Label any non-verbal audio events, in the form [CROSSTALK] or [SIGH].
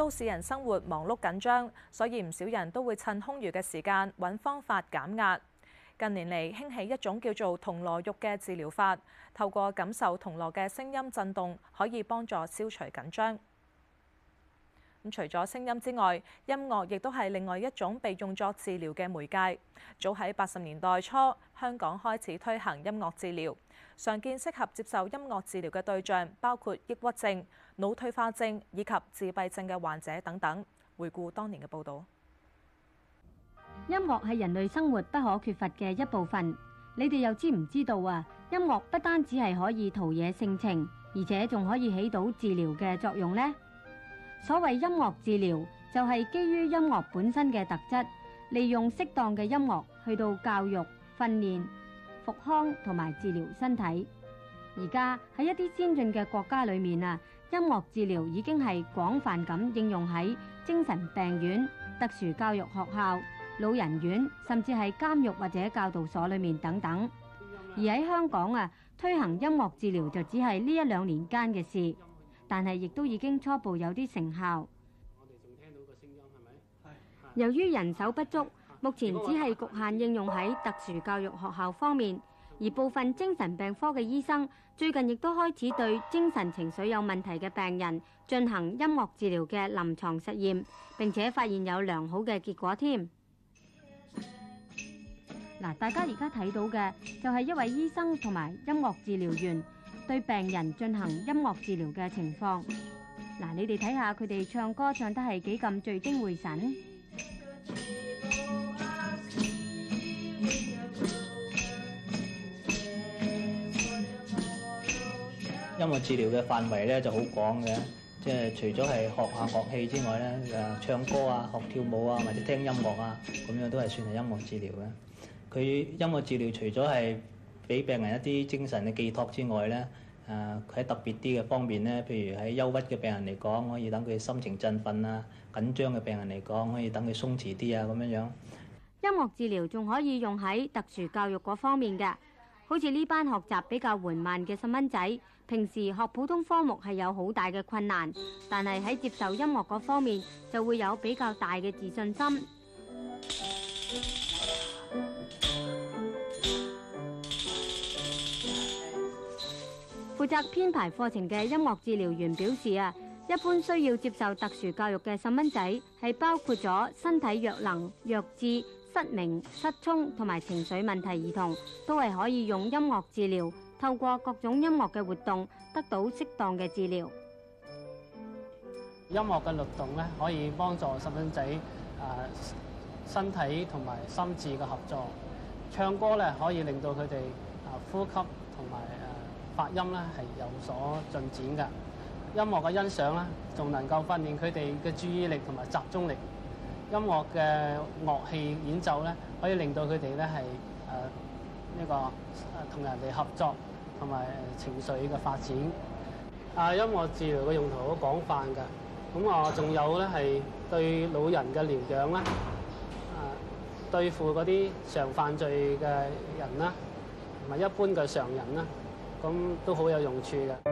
都市人生活忙碌緊張，所以唔少人都會趁空餘嘅時間揾方法減壓。近年嚟興起一種叫做銅鑼浴嘅治療法，透過感受銅鑼嘅聲音震動可以幫助消除緊張。咁除咗聲音之外，音樂亦都係另外一種被用作治療嘅媒介。早喺八十年代初，香港開始推行音樂治療。常見適合接受音樂治療嘅對象包括抑鬱症、腦退化症以及自閉症嘅患者等等。回顧當年嘅報導，音樂係人類生活不可缺乏嘅一部分。你哋又知唔知道啊？音樂不單止係可以陶冶性情，而且仲可以起到治療嘅作用呢。所謂音樂治療就係基於音樂本身嘅特質，利用適當嘅音樂去到教育、訓練、復康同埋治療身體。而家喺一啲先進嘅國家裏面啊，音樂治療已經係廣泛咁應用喺精神病院、特殊教育學校、老人院，甚至係監獄或者教導所裏面等等。而喺香港啊，推行音樂治療就只係呢一兩年間嘅事。但係，亦都已經初步有啲成效。我哋仲聽到個聲音係咪？係。由於人手不足，目前只係局限應用喺特殊教育學校方面，而部分精神病科嘅醫生最近亦都開始對精神情緒有問題嘅病人進行音樂治療嘅臨牀實驗，並且發現有良好嘅結果添。嗱，大家而家睇到嘅就係一位醫生同埋音樂治療員。對病人進行音樂治療嘅情況，嗱，你哋睇下佢哋唱歌唱得係幾咁聚精會神。音樂治療嘅範圍咧就好廣嘅，即係除咗係學下樂器之外咧，誒，唱歌啊、學跳舞啊或者聽音樂啊，咁樣都係算係音樂治療嘅。佢音樂治療除咗係。俾病人一啲精神嘅寄托之外咧，佢、啊、喺特別啲嘅方面咧，譬如喺憂鬱嘅病人嚟講，可以等佢心情振奮啊；緊張嘅病人嚟講，可以等佢鬆弛啲啊，咁樣樣。音樂治療仲可以用喺特殊教育嗰方面嘅，好似呢班學習比較緩慢嘅細蚊仔，平時學普通科目係有好大嘅困難，但係喺接受音樂嗰方面就會有比較大嘅自信心。 [NOISE] 負責編排課程嘅音樂治療員表示啊，一般需要接受特殊教育嘅細蚊仔係包括咗身體弱能、弱智、失明、失聰同埋情緒問題兒童，都係可以用音樂治療，透過各種音樂嘅活動得到適當嘅治療。音樂嘅律動咧，可以幫助細蚊仔啊身體同埋心智嘅合作。唱歌咧，可以令到佢哋啊呼吸同埋。發音咧係有所進展㗎。音樂嘅欣賞咧，仲能夠訓練佢哋嘅注意力同埋集中力。音樂嘅樂器演奏咧，可以令到佢哋咧係誒呢個同人哋合作同埋情緒嘅發展。啊，音樂治療嘅用途好廣泛㗎。咁啊，仲有咧係對老人嘅療養啦，啊，對付嗰啲常犯罪嘅人啦，同埋一般嘅常人啦。咁都好有用處㗎。